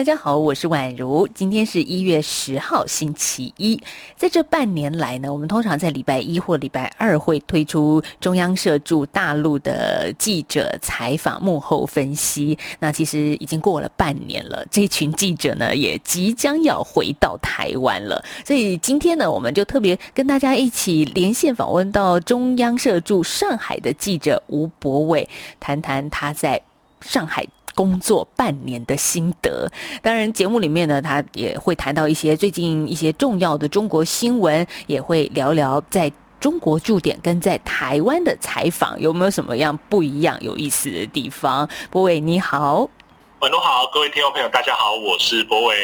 大家好，我是宛如。今天是一月十號，星期一。在這半年來呢，我們通常在禮拜一或禮拜二會推出中央社駐大陸的記者採訪幕後分析。那其實已經過了半年了，這群記者呢也即將要回到台灣了。所以今天呢，我們就特別跟大家一起連線訪問到中央社駐上海的記者吳柏緯，談談他在上海，工作半年的心得，當然節目裡面呢，他也會談到一些最近一些重要的中國新聞，也會聊聊在中國駐點跟在台灣的採訪有沒有什麼樣不一樣、有意思的地方。柏緯你好。晚上好，各位聽眾朋友大家好，我是柏緯。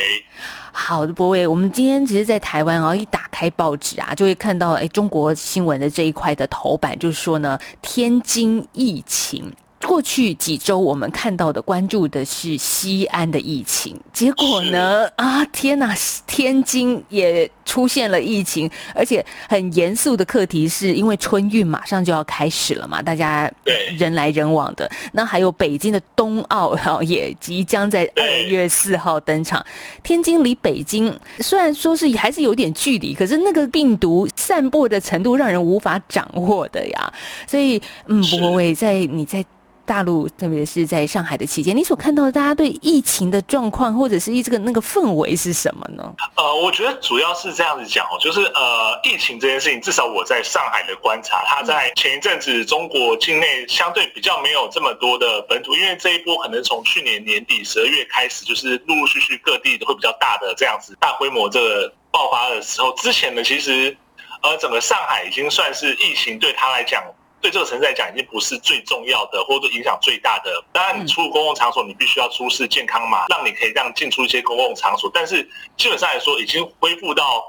好的，柏緯，我們今天其實在台灣哦，一打開報紙啊，就會看到哎，中國新聞的這一塊的頭版，就是說呢，天津疫情。過去幾周，我們看到的、關注的是西安的疫情，結果呢？啊，天哪、啊！天津也出現了疫情，而且很嚴肅的課題，是因為春運馬上就要開始了嘛，大家人來人往的。那還有北京的冬奧，也即將在二月四號登場。天津離北京雖然說是還是有點距離，可是那個病毒散播的程度，讓人無法掌握的呀。所以，嗯，柏緯，在你在。大陸，特別是在上海的期間，你所看到的大家對疫情的狀況，或者是疫這個那個氛圍是什麼呢？呃，我覺得主要是這樣子講哦，就是呃，疫情這件事情，至少我在上海的觀察，他在前一陣子中國境內相對比較沒有這麼多的本土，因為這一波可能從去年年底十二月開始，就是陸陸續續各地都會比較大的這樣子大規模這個爆發的時候，之前呢，其實呃，整個上海已經算是疫情對他來講。對這個城市來講，已經不是最重要的，或者影響最大的。當然，你出入公共場所你必須要出示健康碼，讓你可以這樣進出一些公共場所。但是基本上來說，已經恢復到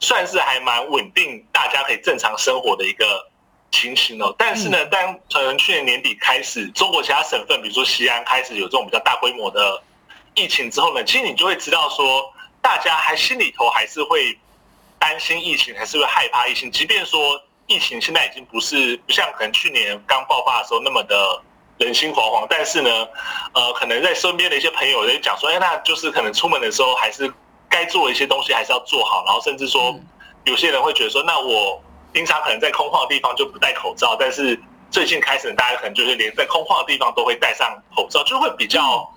算是還蠻穩定，大家可以正常生活的一個情形了。但是呢，當從去年年底開始，中國其他省份，比如說西安開始有這種比較大規模的疫情之後呢，其實你就會知道說，大家還心裡頭還是會擔心疫情，還是會害怕疫情，即便說。疫情現在已經不是不像，可能去年剛爆發的時候那麼的人心惶惶，但是呢，呃，可能在身邊的一些朋友在講說，哎、欸，那就是可能出門的時候還是該做的一些東西還是要做好，然後甚至說有些人會覺得說，那我平常可能在空曠的地方就不戴口罩，但是最近開始大家可能就是連在空曠的地方都會戴上口罩，就會比較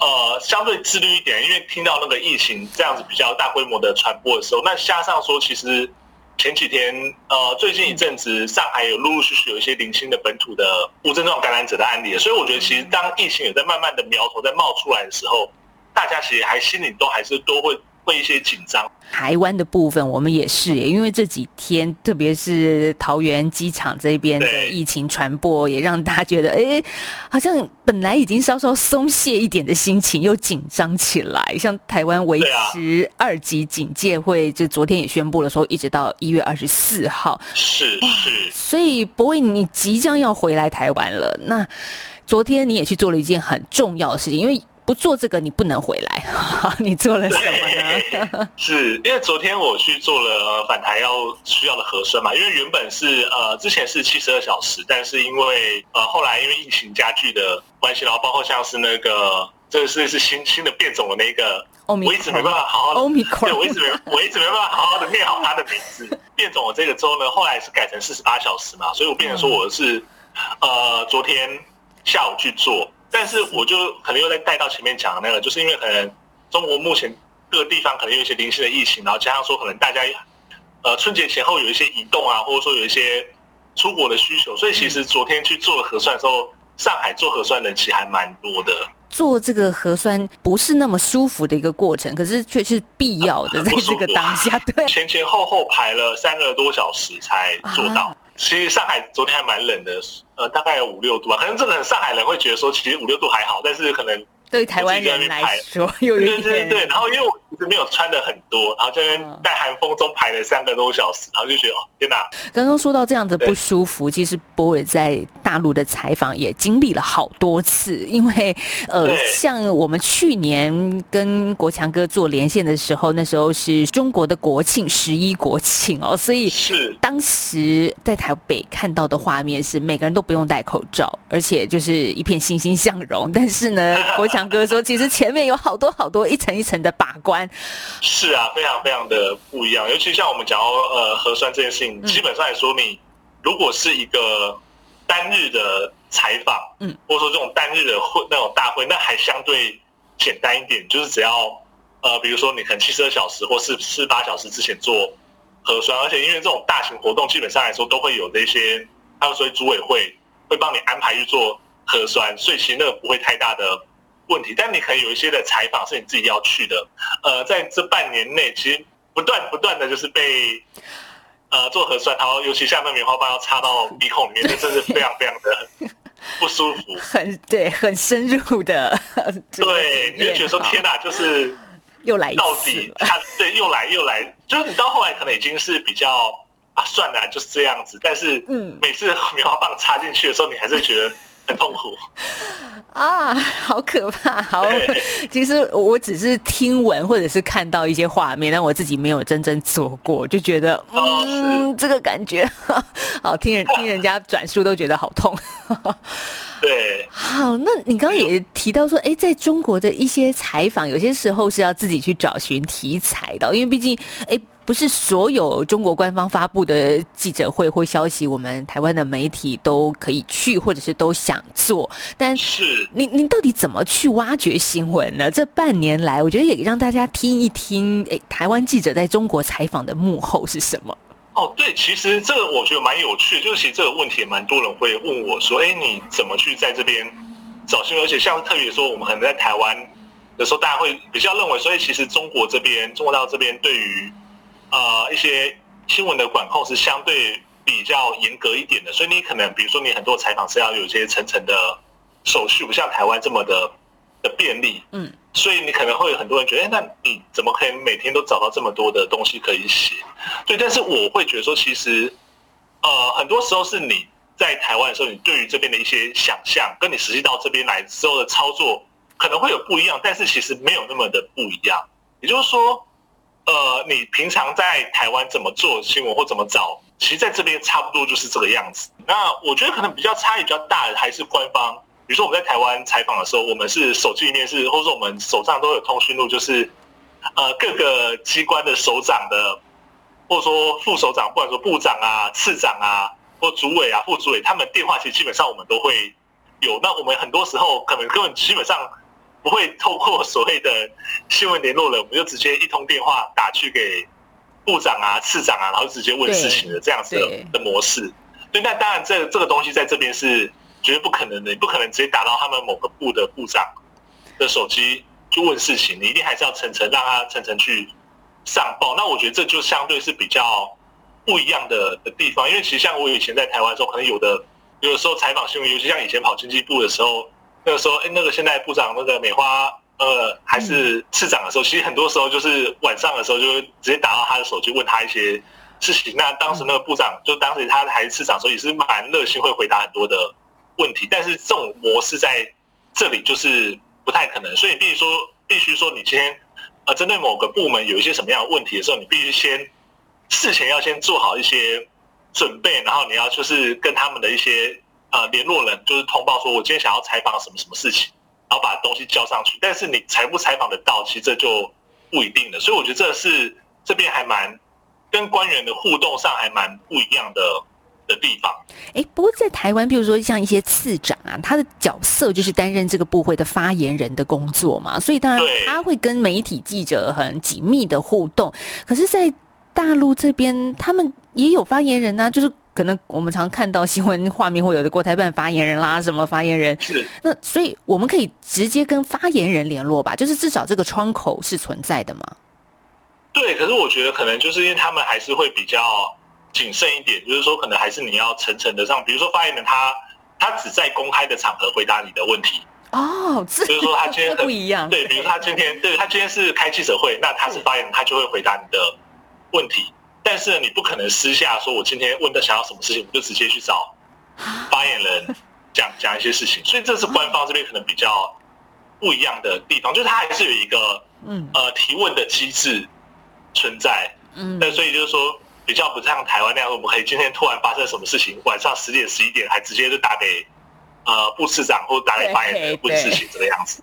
呃相對自律一點，因為聽到那個疫情這樣子比較大規模的傳播的時候，那加上說其實。前幾天，呃，最近一陣子，上海有陸陸續續有一些零星的本土的無症狀感染者的案例，所以我覺得其實當疫情也在慢慢的苗頭在冒出來的時候，大家其實還心裡都還是都會。會一些緊張。台灣的部分，我們也是耶，因為這幾天，特別是桃園機場這邊的疫情傳播，也讓大家覺得，哎對、欸，好像本來已經稍稍鬆懈一點的心情，又緊張起來。像台灣維持二級警戒會，會、啊、就昨天也宣布了，說一直到一月二十四號。是是、啊，所以柏緯，你即將要回來台灣了。那昨天你也去做了一件很重要的事情，因為。不做這個你不能回來， 你做了什麼呢？是因為昨天我去做了返台要需要的核酸嘛？因為原本是呃之前是七十二小時，但是因為呃後來因為疫情加劇的關係，然後包括像是那個這個、是是新新的變種的那個，我一直沒辦法好好的，Omicron，對我一直沒我一直沒辦法好好的念好它的名字。 變種了這個之後呢，後來是改成四十八小時嘛，所以我變成說我是、嗯、呃昨天下午去做。但是我就可能又再帶到前面講的那個，就是因為可能中國目前各個地方可能有一些零星的疫情，然後加上說可能大家，呃春節前後有一些移動啊，或者說有一些出國的需求，所以其實昨天去做核酸的時候，上海做核酸人其實還蠻多的。做這個核酸不是那麼舒服的一個過程，可是卻是必要的，啊、在這個當下，對。前前後後排了三個多小時才做到。啊。其實上海昨天還蠻冷的，呃，大概有五六度吧。可能這個上海人會覺得說，其實五六度還好，但是可能對台灣人來說，有一點，對對對對。然後因為我。是沒有穿的很多，然後這邊在寒風中排了三個多小時，然後就覺得哦天吶。剛剛說到這樣子不舒服，對其實柏緯在大陸的採訪也經歷了好多次，因為呃，對像我們去年跟國強哥做連線的時候，那時候是中國的國慶十一國慶哦，所以是當時在台北看到的畫面是每個人都不用戴口罩，而且就是一片欣欣向榮。但是呢，國強哥說，其實前面有好多好多一層一層的把關。是啊，非常非常的不一樣。尤其像我們講到呃核酸這件事情，基本上來說，你如果是一個單日的採訪，嗯，或者說這種單日的會那種大會，那還相對簡單一點，就是只要呃比如說你可能七十二小時或是四十八小時之前做核酸，而且因為這種大型活動，基本上來說都會有這些，還有所謂組委會會幫你安排去做核酸，所以其實那個不會太大的問題，但你可以有一些的採訪是你自己要去的。呃，在這半年內，其實不斷不斷的就是被呃做核酸，然後尤其下面棉花棒要插到鼻孔裡面，就真的是非常非常的不舒服。很對，很深入的，對，你就覺得說好天哪、啊，就是又來到底，他對又來又來，就是你到後來可能已經是比較啊算了就是這樣子，但是每次棉花棒插進去的時候，你還是覺得。很痛苦啊，好可怕，好。 其實我只是聽聞或者是看到一些畫面，但我自己沒有真正做過，就覺得、哦、嗯，這個感覺， 好，聽人聽人家轉述都覺得好痛。 對，好，那你剛剛也提到說，哎，在中國的一些採訪，有些時候是要自己去找尋題材的，因為畢竟，哎，不是所有中國官方發布的記者會或消息，我們台灣的媒體都可以去，或者是都想做。但是，你你到底怎麼去挖掘新聞呢？這半年來，我覺得也讓大家聽一聽，哎，台灣記者在中國採訪的幕後是什麼。哦，對，其實這個我覺得蠻有趣，就是其實這個問題也蠻多人會問我說，誒，你怎麼去在這邊找新聞？而且像特別說，我們可能在台灣，有時候大家會比較認為，所以其實中國這邊，中國大陸這邊對於，呃，一些新聞的管控是相對比較嚴格一點的，所以你可能比如說你很多採訪是要有一些層層的手續，不像台灣這麼的，的便利，嗯，所以你可能會有很多人覺得，欸，那嗯，怎麼可以每天都找到這麼多的東西可以寫？對，但是我會覺得說，其實，呃，很多時候是你在台灣的時候，你對於這邊的一些想象，跟你實際到這邊來之後的操作，可能會有不一樣，但是其實沒有那麼的不一樣。也就是說，呃，你平常在台灣怎麼做新聞或怎麼找，其實在這邊差不多就是這個樣子。那我覺得可能比較差異比較大的還是官方。比如說我們在台灣採訪的時候，我們是手機裡面是，或者說我們手上都有通訊錄，就是，呃，各個機關的首長的，或者說副首長，或者說部長啊、次長啊或主委啊、副主委，他們電話其實基本上我們都會有。那我們很多時候可能根本基本上不會透過所謂的新聞聯絡了聯絡人，我們就直接一通電話打去給部長啊、次長啊，然後直接問事情的這樣子的模式。對，對，對，那當然這這個東西在這邊是。絕對不可能的，你不可能直接打到他們某個部的部長的手機去問事情，你一定還是要層層讓他層層去上報。那我覺得這就相對是比較不一樣的、的地方，因為其實像我以前在台灣的時候，可能有的有的時候採訪新聞，尤其像以前跑經濟部的時候，那個時候，哎，那個現在部長那個美花呃還是次長的時候，其實很多時候就是晚上的時候，就直接打到他的手機問他一些事情。那當時那個部長就當時他還是次長的時候，所以是蠻熱心，會回答很多的。問題，但是這種模式在這裡就是不太可能，所以你必須說，必須說，你今天啊，呃，針對某個部門有一些什麼樣的問題的時候，你必須先事前要先做好一些準備，然後你要就是跟他們的一些啊呃，聯絡人，就是通報說，我今天想要採訪什麼什麼事情，然後把東西交上去，但是你採不採訪得到，其實這就不一定的，所以我覺得這是這邊還蠻跟官員的互動上還蠻不一樣的。的地方，哎、欸，不過在台灣，比如說像一些次長啊，他的角色就是擔任這個部會的發言人的工作嘛，所以當然他會跟媒體記者很緊密的互動。可是，在大陸這邊，他們也有發言人呢、啊，就是可能我們常看到新聞畫面會有的國台辦發言人啦，什麼發言人。是。那所以我們可以直接跟發言人聯絡吧，就是至少這個窗口是存在的嘛。對，可是我覺得可能就是因為他們還是會比較。謹慎一點，就是說，可能還是你要層層的上，比如說發言人他他只在公開的場合回答你的問題哦，所以說他今天很不一樣，對，比如說，他今天對他今天是開記者會，那他是發言人，他就會回答你的問題，對但是呢，你不可能私下說我今天問他想要什麼事情，我就直接去找發言人講講 一些事情，所以這是官方這邊可能比較不一樣的地方，哦、就是他還是有一個嗯呃提問的機制存在，嗯。但所以就是說。比較不像台灣那樣，我們可以今天突然發生什麼事情，晚上十點、十一點還直接就打給呃部市長，或打給發言人問事情這個樣子。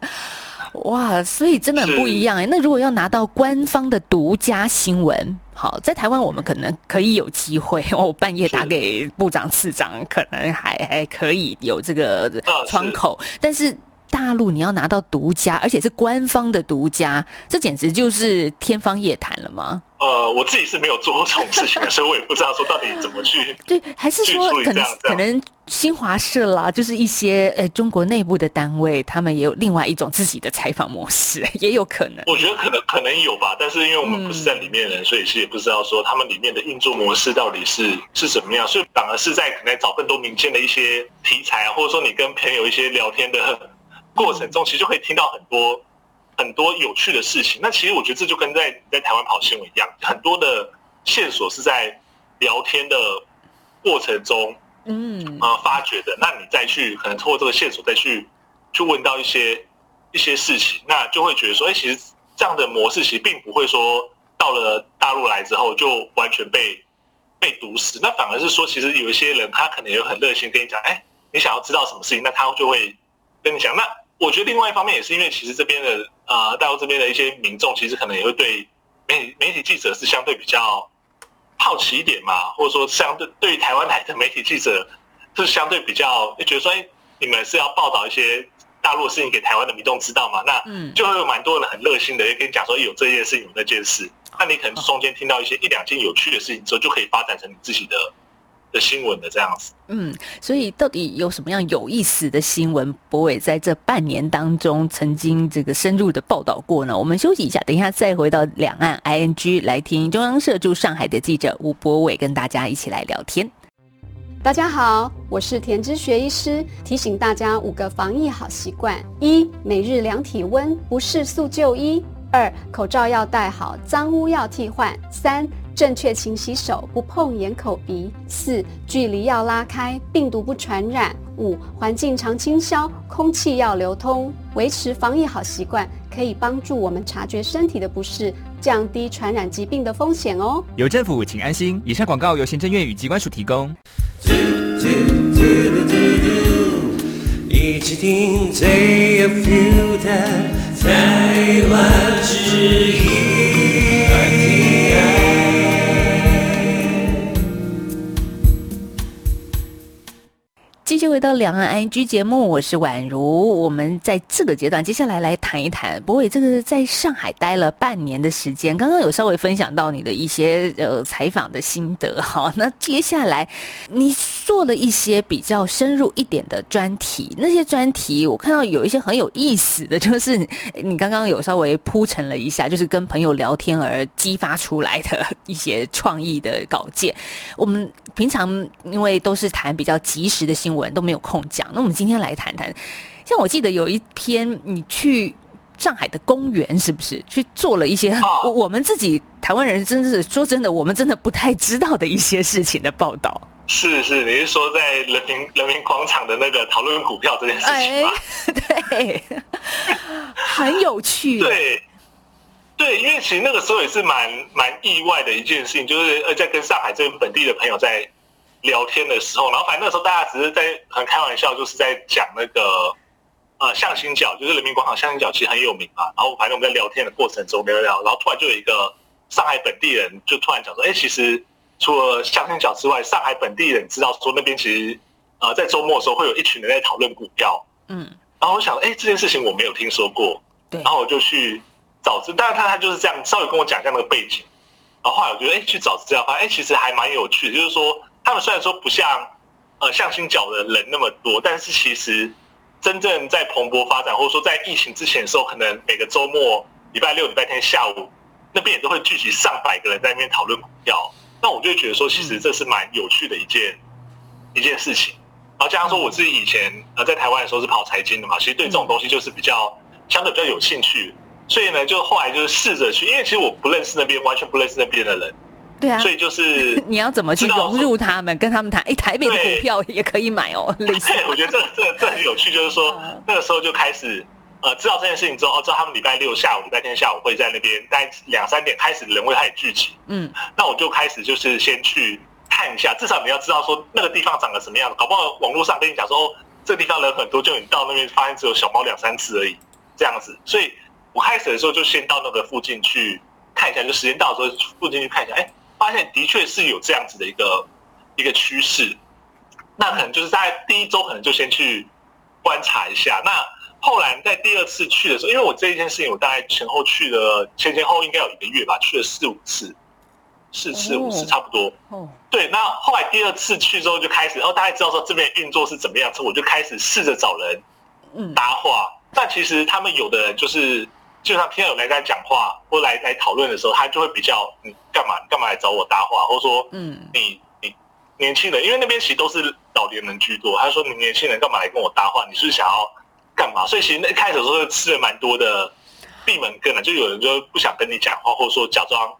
哇，所以真的很不一樣哎、欸。是那如果要拿到官方的獨家新聞，好，在台灣我們可能可以有機會哦，半夜打給部長、次長，是可能還還可以有這個窗口，呃、是但是。大陸你要拿到獨家，而且是官方的獨家，這簡直就是天方夜譚了嗎？呃，我自己是沒有做過這種事情，所以我也不知道說到底怎麼去。 對，還是說可能樣可能新華社啦，就是一些呃、欸、中國內部的單位，他們也有另外一種自己的採訪模式，也有可能。我覺得可能可能有吧，但是因為我們不是在裡面人，嗯、所以是也不知道說他們裡面的運作模式到底是是怎麼樣，所以反而是在可能找更多民間的一些題材、啊，或者說你跟朋友一些聊天的。過程中其實就會聽到很多，嗯、很多有趣的事情，那其實我覺得這就跟在在台灣跑新聞一樣，很多的線索是在聊天的過程中，嗯，啊，發掘的。那你再去可能通過這個線索再去去問到一些一些事情，那就會覺得說，哎、欸，其實這樣的模式其實並不會說到了大陸來之後就完全被被堵死，那反而是說，其實有一些人他可能也很熱心跟你講，哎、欸，你想要知道什麼事情，那他就會跟你講，那。我覺得另外一方面也是因為，其實這邊的呃大陸這邊的一些民眾，其實可能也會對媒體媒體記者是相對比較好奇一點嘛，或者說相對對於台灣來的媒體記者是相對比較也覺得說，哎、欸，你們是要報道一些大陸事情給台灣的民眾知道嘛？那嗯，就會有蠻多人很熱心的，也跟你講說有這件事有那件事，那你可能中間聽到一些一兩件有趣的事情之後，就可以發展成你自己的。的新聞的這樣子，嗯，所以到底有什麼樣有意思的新聞？柏緯在這半年當中曾經這個深入的報道過呢？我們休息一下，等一下再回到兩岸 ING 來聽中央社駐上海的記者吳柏緯跟大家一起來聊天。大家好，我是田之學醫師，提醒大家五個防疫好習慣：一、每日量體溫，不適速就醫；二、口罩要戴好，髒污要替換；三、正確勤洗手，不碰眼口鼻。四、距離要拉開，病毒不傳染。五、環境常清消，空氣要流通。維持防疫好習慣，可以幫助我們察覺身體的不適，降低傳染疾病的風險哦。有政府，請安心。以上廣告由行政院與機關署提供。一起聽最有 uta, 一《Day o o 的台灣之音。繼續回到兩岸 IG 節目，我是宛如。我們在這個階段，接下來來談一談柏緯。這個是在上海待了半年的時間，剛剛有稍微分享到你的一些呃採訪的心得。好、哦，那接下來你做了一些比較深入一點的專題，那些專題我看到有一些很有意思的，就是你剛剛有稍微鋪陳了一下，就是跟朋友聊天而激發出來的一些創意的稿件。我們平常因為都是談比較即時的新聞。文都沒有空講，那我們今天來談談。像我記得有一篇，你去上海的公園是不是去做了一些？哦，我，我們自己台灣人真是說真的，我們真的不太知道的一些事情的報道。是是，你是說在人民人民廣場的那個討論股票這件事情嗎？哎、對， 很有趣啊。對對，因為其實那個時候也是蠻蠻意外的一件事情，就是呃，在跟上海這邊本地的朋友在。聊天的時候，然後反正那時候大家只是在很開玩笑，就是在講那個呃相親角，就是人民廣場相親角其實很有名嘛。然後反正我們在聊天的過程中聊聊，然後突然就有一個上海本地人就突然講說：“哎、欸，其實除了相親角之外，上海本地人知道說那邊其實呃，在周末的時候會有一群人在討論股票。”嗯，然後我想說：“哎、欸，這件事情我沒有聽說過。”然後我就去找資，但是他他就是這樣稍微跟我講一下那個背景。然後後來我覺得：“哎、欸，去找資料，發現哎其實還蠻有趣，就是說。”他們雖然說不像，呃，相親角的人那麼多，但是其實真正在蓬勃發展，或者說在疫情之前的時候，可能每個周末、禮拜六、禮拜天下午，那邊也都會聚集上百個人在那邊討論股票。那我就會覺得說，其實這是蠻有趣的一件、嗯、一件事情。然後加上說，我自己以前呃在台灣的時候是跑財經的嘛，其實對這種東西就是比較相對比較有興趣，所以呢，就後來就是試着去，因為其實我不認識那邊，完全不認識那邊的人。對啊，所以就是你要怎麼去融入他們，跟他們談，一、欸、台北的股票也可以買哦。對，我覺得這個、這個、這很、個、有趣，就是說 那個時候就開始，呃，知道這件事情之後，知、哦、道他們禮拜六下午禮拜天下午會在那邊待兩三點開始人，人會開始聚集。嗯，那我就開始就是先去看一下，至少你要知道說那個地方長得什麼樣子，搞不好網絡上跟你講說哦，這個、地方人很多，就你到那邊發現只有小貓兩三次而已，這樣子。所以我開始的時候就先到那個附近去看一下，就時間到的時候附近去看一下，哎、欸。發現的確是有這樣子的一個一個趨勢，那可能就是大概第一周可能就先去觀察一下。那後來在第二次去的時候，因為我這一件事情，我大概前後去了前前後應該有一個月吧，去了四五次，四次五次差不多。哦、嗯，嗯、對。那後來第二次去之後，就開始哦，然後大概知道說這邊的運作是怎麼樣，之後我就開始試着找人搭話。嗯、但其實他們有的人就是。就像聽到有人在講話或來來討論的時候，他就會比較你幹嘛？幹嘛來找我搭話？或者說，嗯，你你年輕人，因為那邊其實都是老年人居多，他說你年輕人幹嘛來跟我搭話？你是，是想要幹嘛？所以其實一開始的時候吃了蠻多的閉門羹呢，就有人就不想跟你講話，或者說假裝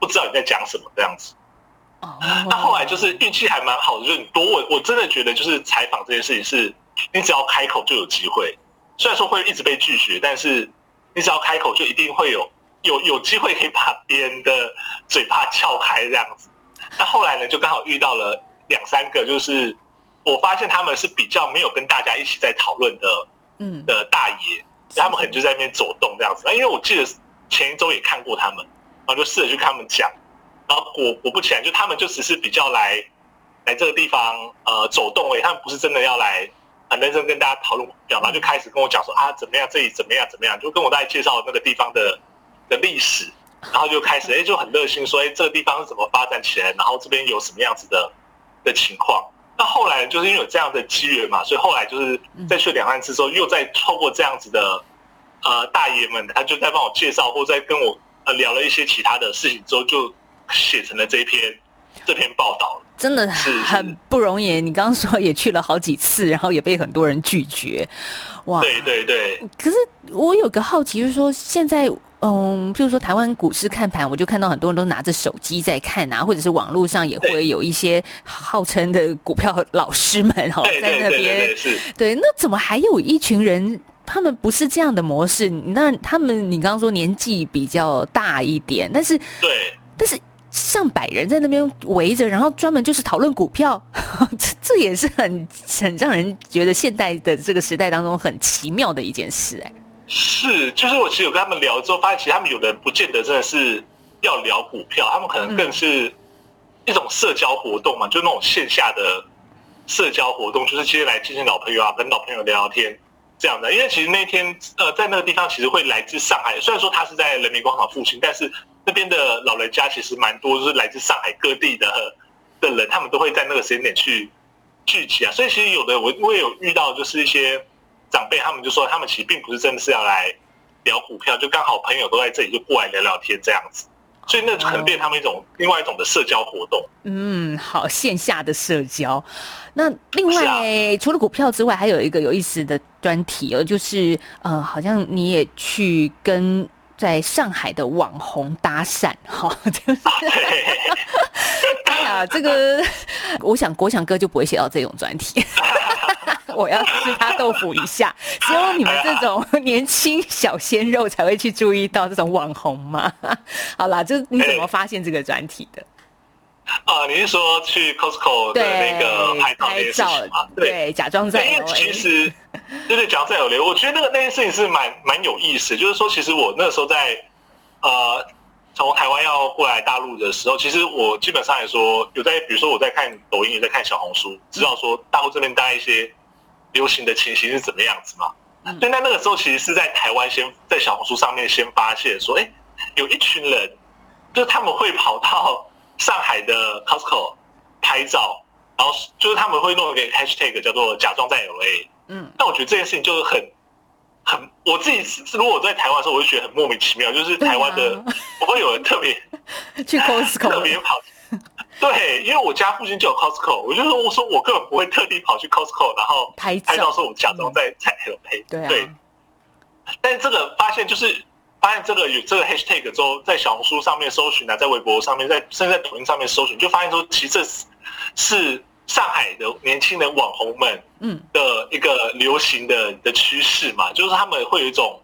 不知道你在講什麼這樣子。Oh, wow. 那後來就是運氣還蠻好的，就是多問，我真的覺得就是採訪這件事情，是你只要開口就有機會。雖然說會一直被拒絕，但是。你只要開口，就一定會有有有機會可以把別人的嘴巴撬開這樣子。那後來呢，就剛好遇到了兩三個，就是我發現他們是比較沒有跟大家一起在討論的，嗯，的大爺，他們可能就在那邊走動這樣子。因為我記得前一周也看過他們，然後就試着去跟他們講，然後果果不其然，就他們就只是比較來來這個地方，呃，走動而、欸、已，他們不是真的要來，很認真跟大家討論，表達，就開始跟我講說，啊怎麼樣這裡怎麼樣怎麼樣，就跟我大概介紹那個地方的的歷史，然後就開始哎就很熱心說哎這個地方是怎麼發展起來，然後這邊有什麼樣子的的情況。那後來就是因為有這樣的機緣嘛，所以後來就是再去兩岸之後，又在透過這樣子的呃大爺們，他就在幫我介紹或在跟我呃聊了一些其他的事情之後，就寫成了這篇。這篇報道真的很不容易。是，是你剛剛說也去了好幾次，然後也被很多人拒絕，哇！對對對。可是我有個好奇，就是說現在，嗯，譬如說台灣股市看盤，我就看到很多人都拿着手機在看啊，或者是網絡上也會有一些號稱的股票老師們哦，對在那邊。對，對，對，對，對，對，那怎麼還有一群人？他們不是這樣的模式。那他們，你剛剛說年紀比較大一點，但是對，但是。上百人在那邊圍着，然後專門就是討論股票，這這也是很很讓人覺得現代的這個時代當中很奇妙的一件事哎、欸。是，就是我其實有跟他們聊之後，發現其實他們有人不見得真的是要聊股票，他們可能更是一種社交活動嘛，嗯、就那種線下的社交活動，就是其實來見見老朋友啊，跟老朋友聊聊天這樣的。因為其實那天呃，在那個地方其實會來自上海，雖然說他是在人民廣場附近，但是。那邊的老人家其實蠻多，就是來自上海各地的的人，他們都會在那個時間點去聚集啊。所以其實有的我，因為有遇到，就是一些長輩，他們就說他們其實並不是真的是要來聊股票，就剛好朋友都在這裡，就過來聊聊天這樣子。所以那就可能變他們一種另外一種的社交活動。Oh. 嗯，好，線下的社交。那另外、啊、除了股票之外，還有一個有意思的專題哦，就是呃，好像你也去跟。在上海的網紅搭訕，哈，就是， 哎呀，這個，我想國強哥就不會寫到這種專題， 我要吃他豆腐一下。只有你們這種年輕小鮮肉才會去注意到這種網紅嘛？好啦，就你怎麼發現這個專題的？啊、呃，你是說去 Costco 的那個拍照那些事情嗎？對，對對，假裝在對。因為其實對 對，假裝在有聊，我覺得那個那件事情是蠻蠻有意思的。就是說，其實我那時候在呃從台灣要過來大陸的時候，其實我基本上來說有在，比如說我在看抖音，也在看小紅書，知道說大陸這邊帶一些流行的情形是怎麼樣子嘛。嗯、對，那那個時候其實是在台灣先在小紅書上面先發現說，哎，有一群人就是他們會跑到。上海的 Costco 拍照，然後就是他們會弄一個 hashtag 叫做“假裝在 LA”。嗯，但我覺得這件事情就是很很，我自己是如果我在台灣的時候，我就覺得很莫名其妙，就是台灣的，不、啊、會有人特別 去 Costco，特別跑。對，因為我家附近就有 Costco，我就說我說我根本不會特地跑去 Costco，然後拍拍照，時候我假裝在、嗯、在 LA、啊。對對。但這個發現就是。發現這個有這個 hashtag 之後，在小紅書上面搜尋啊，在微博上面，在甚至在抖音上面搜尋，就發現說，其實這是上海的年輕人網紅們嗯的一個流行的的趨勢嘛，就是他們會有一種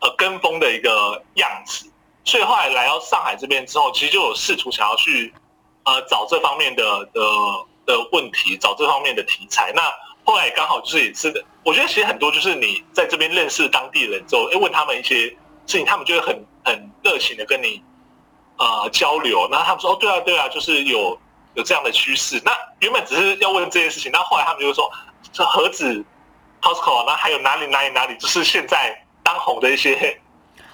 呃跟風的一個樣子，所以後來來到上海這邊之後，其實就有試圖想要去呃找這方面的的的問題，找這方面的題材。那後來剛好就是也是，我覺得其實很多就是你在這邊認識當地人之後，誒，問他們一些。所以他們就會很很熱情的跟你，呃交流。然後他們說哦對啊對啊，就是有有這樣的趨勢。那原本只是要問這件事情，那後來他們就會說，這何止 Costco 啊？那還有哪裡哪裡哪裡？就是現在當紅的一些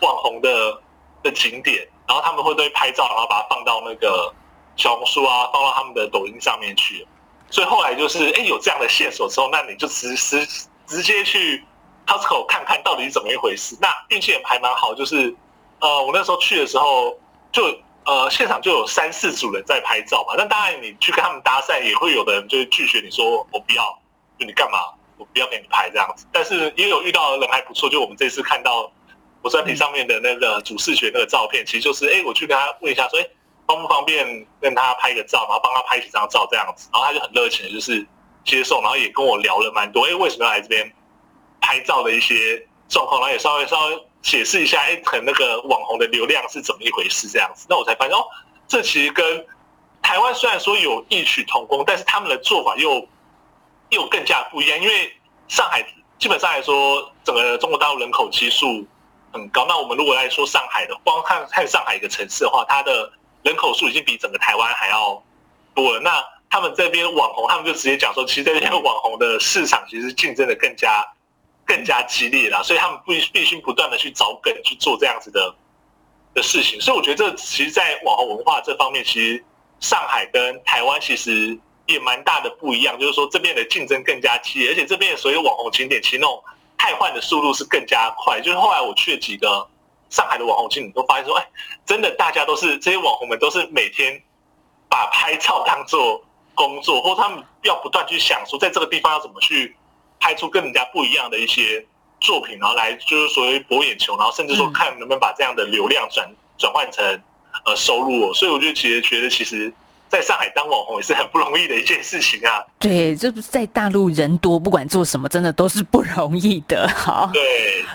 網紅的的景點。然後他們會對拍照，然後把它放到那個小紅書啊，放到他們的抖音上面去。所以後來就是，哎，有這樣的線索之後，那你就直直直接去。h o u 看看到底是怎麼一回事？那運氣也還蠻好，就是，呃，我那時候去的時候，就呃現場就有三四組人在拍照嘛。那當然，你去跟他們搭訕，也會有的人就是拒絕你說我不要，就你幹嘛？我不要給你拍這樣子。但是也有遇到的人還不錯，就我們這次看到我專題上面的那個主視覺那個照片，其實就是哎，我去跟他問一下說，哎，方不方便跟他拍個照，然後幫他拍幾張照這樣子。然後他就很熱情，就是接受，然後也跟我聊了蠻多，哎，為什麼要來這邊？拍照的一些狀況，然後也稍微稍微解釋一下欸、可能那個網紅的流量是怎麼一回事，這樣子，那我才發現哦，這其實跟台灣雖然說有異曲同工，但是他們的做法又又更加不一樣。因為上海基本上來說，整個中國大陸人口基數很高，那我們如果來說上海的，光看看上海一個城市的話，它的人口數已經比整個台灣還要多了。那他們這邊網紅，他們就直接講說，其實在這邊網紅的市場其實競爭的更加。更加激烈了，所以他們必必須不斷的去找梗，去做這樣子的的事情，所以我覺得這其實，在網紅文化這方面，其實上海跟台灣其實也蠻大的不一樣，就是說這邊的競爭更加激烈，而且這邊的所有網紅景點，其實那種汰換的速度是更加快。就是後來我去了幾個上海的網紅景點，都發現說，哎、欸，真的大家都是這些網紅們都是每天把拍照當做工作，或者他們要不斷去想說，在這個地方要怎麼去。拍出跟人家不一樣的一些作品，然後來就是所謂博眼球，然後甚至說看能不能把這樣的流量轉轉換成呃收入喔，所以我就其實覺得其實。在上海當網紅也是很不容易的一件事情啊。對，這不是在大陸人多，不管做什麼，真的都是不容易的。好，對，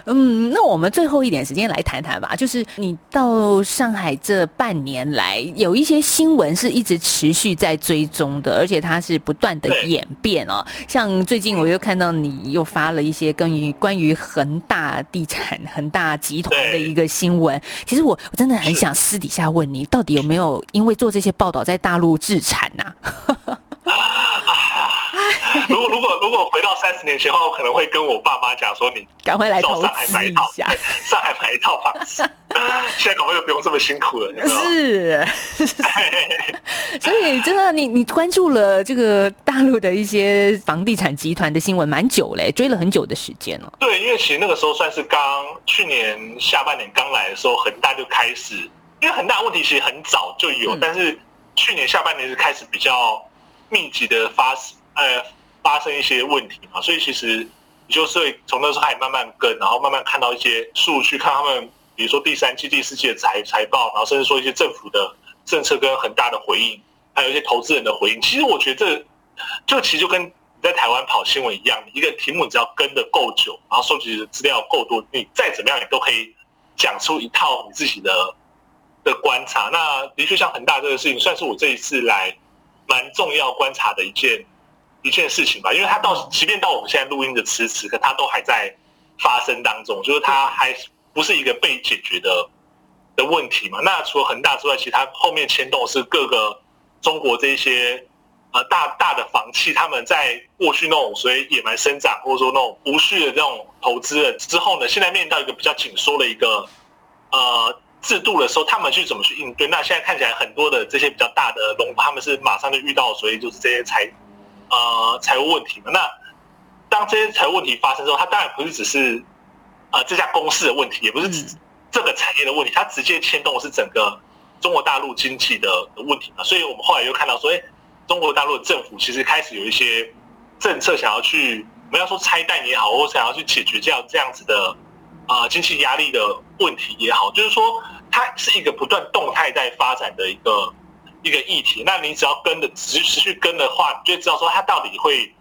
嗯，那我們最後一點時間來談談吧。就是你到上海這半年來，有一些新聞是一直持續在追蹤的，而且它是不斷的演變哦。對像最近我又看到你又發了一些關於關於恆大地產、恆大集團的一個新聞。對其實我，我真的很想私底下問你，是到底有沒有因為做這些報道在大陸？不自產吶、啊 ！如果，如果如果回到三十年前的話，我可能會跟我爸媽講說你：“你趕快來上海買一套，上海買一套房子， 現在趕快就不用這麼辛苦了。是”是，是， 所以真的，你你關注了這個大陸的一些房地產集團的新聞，蠻久嘞、欸，追了很久的時間哦。對，因為其實那個時候算是剛去年下半年剛來的時候，恆大就開始，因為恆大問題其實很早就有，但是、嗯。去年下半年是開始比較密集的發生，呃，發生一些問題嘛，所以其實你就是從那時候開始慢慢跟，然後慢慢看到一些數據，看他們，比如說第三季、第四季的財財報，然後甚至說一些政府的政策跟恆大的回應，還有一些投資人的回應。其實我覺得這，這就其實就跟你在台灣跑新聞一樣，一個題目只要跟得夠久，然後收集的資料夠多，你再怎麼樣你都可以講出一套你自己的的觀察，那的確像恆大這個事情，算是我這一次來蠻重要觀察的一件一件事情吧。因為它到，即便到我們現在錄音的此時，可它都還在發生當中，就是它還不是一個被解決的的問題嘛。那除了恆大之外，其他後面牽動是各個中國這一些呃大大的房企，他們在過去那種所謂野蠻生長，或者說那種無序的這種投資了之後呢，現在面臨到一個比較緊縮的一個呃。制度的時候，他們去怎麼去應對？那現在看起來，很多的這些比較大的龍，他們是馬上就遇到，所以就是這些財，呃，財務問題嘛。那當這些財務問題發生之後，他當然不是只是啊、呃、這家公司的問題，也不是，只是這個產業的問題，它直接牽動的是整個中國大陸經濟的，的問題嘛。所以我們後來又看到說，哎、欸，中國大陸政府其實開始有一些政策想要去，不要說拆彈也好，或者想要去解決這樣這樣子的啊、呃、經濟壓力的問題也好，就是說。它是一個不斷動態在發展的一個一個議題，那你只要跟的持持續跟的話，你就知道說它到底會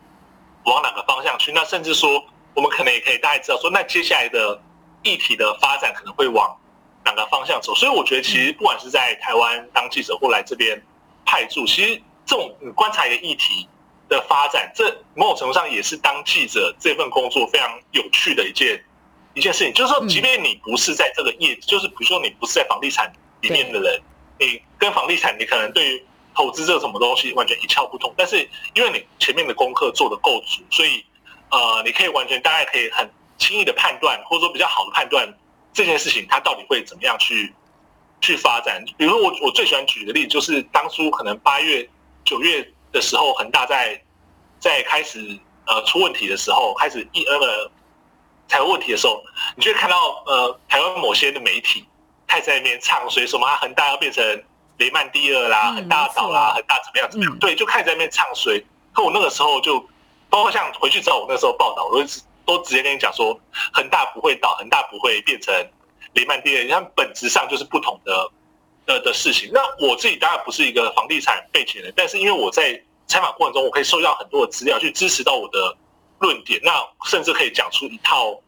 往哪個方向去。那甚至說，我們可能也可以大概知道說，那接下來的議題的發展可能會往哪個方向走。所以我覺得，其實不管是在台灣當記者，或來這邊派駐，其實這種觀察一個議題的發展，這某種程度上也是當記者這份工作非常有趣的一件。一件事情，就是說，即便你不是在這個業，嗯、就是比如說你不是在房地產裡面的人，對你跟房地產，你可能對於投資這什麼東西完全一竅不通，但是因為你前面的功課做得夠足，所以呃，你可以完全，大家可以很輕易的判斷，或者說比較好的判斷這件事情它到底會怎麼樣去去發展。比如說我我最喜歡舉的例子，就是當初可能八月、九月的時候，恆大在在開始呃出問題的時候，開始一呃。才有問題的時候，你就會看到呃，台灣某些的媒體太在那邊唱衰，說什麼，恆大要變成雷曼第二啦，恆、嗯、大倒啦，恆、嗯、大怎麼樣怎麼樣？嗯、對，就開始在那邊唱衰。可我那個時候就，包括像回去之後，我那時候報道，我都都直接跟你講說，恆大不會倒，恆大不會變成雷曼第二，你看本質上就是不同的呃的事情。那我自己當然不是一個房地產背景人，但是因為我在採訪過程中，我可以收集到很多的資料去支持到我的，論點，那甚至可以講出一套，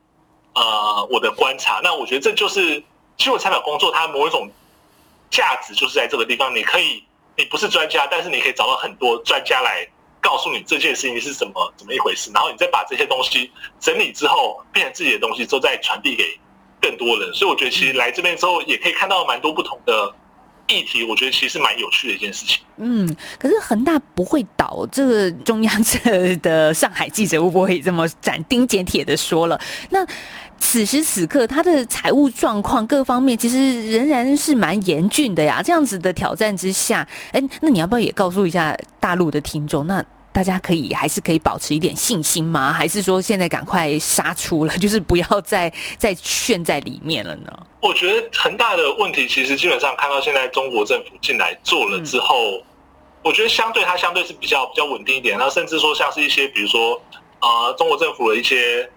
呃，我的觀察。那我覺得這就是新聞採訪工作，它某一種價值，就是在這個地方，你可以，你不是專家，但是你可以找到很多專家來告訴你這件事情是怎麼怎麼一回事，然後你再把這些東西整理之後，變成自己的東西，之後再傳遞給更多人。所以我覺得，其實來這邊之後，也可以看到蠻多不同的。議題我覺得其實蠻有趣的一件事情。嗯，可是恆大不會倒，這個中央社的上海記者會不會這麼斬釘截鐵的說了？那此時此刻他的財務狀況各方面其實仍然是蠻嚴峻的呀。這樣子的挑戰之下，誒、欸，那你要不要也告訴一下大陸的聽眾？那。大家可以還是可以保持一點信心嗎？還是說現在趕快殺出了，就是不要再再陷在裡面了呢？我覺得恆大的問題，其實基本上看到現在中國政府進來做了之後，我覺得相對它相對是比較比較穩定一點，然後甚至說像是一些，比如說啊、呃，中國政府的一些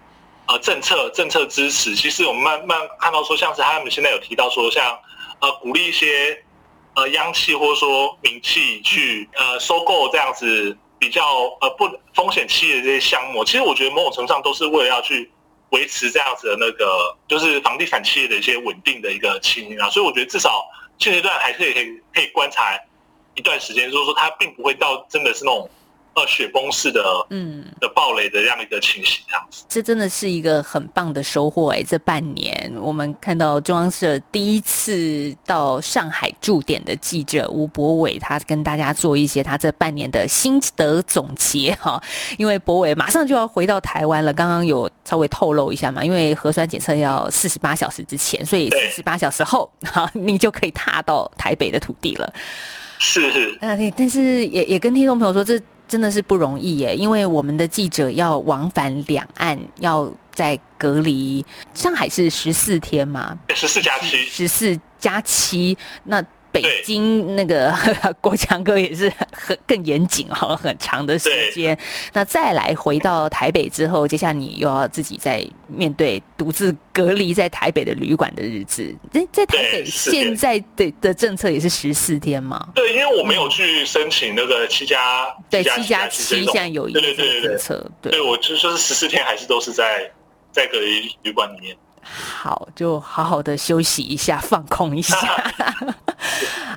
呃政策政策支持，其實我們慢慢看到說，像是他們現在有提到說，像呃鼓勵一些呃央企或者說民企去呃收購這樣子，比較呃不風險期的這些項目，其實我覺得某種程度上都是為了要去維持這樣子的那個，就是房地產企業的一些穩定的一個情形啊，所以我覺得至少現階段還是可以可以，可以觀察一段時間，就是說它並不會到真的是那種。呃，雪崩式的，嗯，的暴雷的這樣一個情形，這這真的是一個很棒的收穫哎、欸！這半年，我們看到中央社第一次到上海駐點的記者吳柏緯，他跟大家做一些他這半年的心得總結哈、哦。因為柏緯馬上就要回到台灣了，剛剛有稍微透露一下嘛，因為核酸檢測要四十八小時之前，所以四十八小時後，哈對，你就可以踏到台北的土地了。是，是，那但是也也跟聽眾朋友說這。真的是不容易耶，因為我們的記者要往返兩岸，要在隔離。上海是十四天嘛，十四加七，十四加七，7，那。北京那個郭強對哥也是很更嚴謹哈，很長的時間。對那再來回到台北之後，嗯、接下來你又要自己在面對獨自隔離在台北的旅館的日子。在、欸、在台北現在的的政策也是十四天嗎？對，因為我沒有去申請那個七加七加對七，現在有一個政策。對，我就說是十四天，還是都是在在隔離旅館裡面。好，就好好的休息一下，放空一下。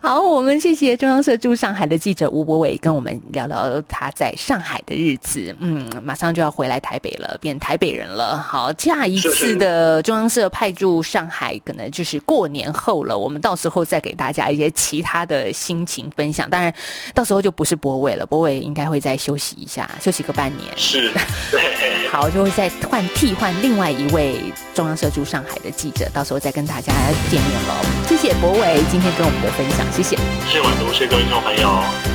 好，我們謝謝中央社駐上海的記者吳柏緯，跟我們聊聊他在上海的日子。嗯，馬上就要回來台北了，變台北人了。好，下一次的中央社派駐上海，可能就是過年後了。我們到時候再給大家一些其他的心情分享。當然，到時候就不是柏緯了，柏緯應該會再休息一下，休息個半年。是。對對好，就會再換替換另外一位中央社駐上海的記者，到時候再跟大家見面嘍。謝謝柏緯今天跟我們的分享，謝謝。謝謝，晚讀各位聽眾朋友。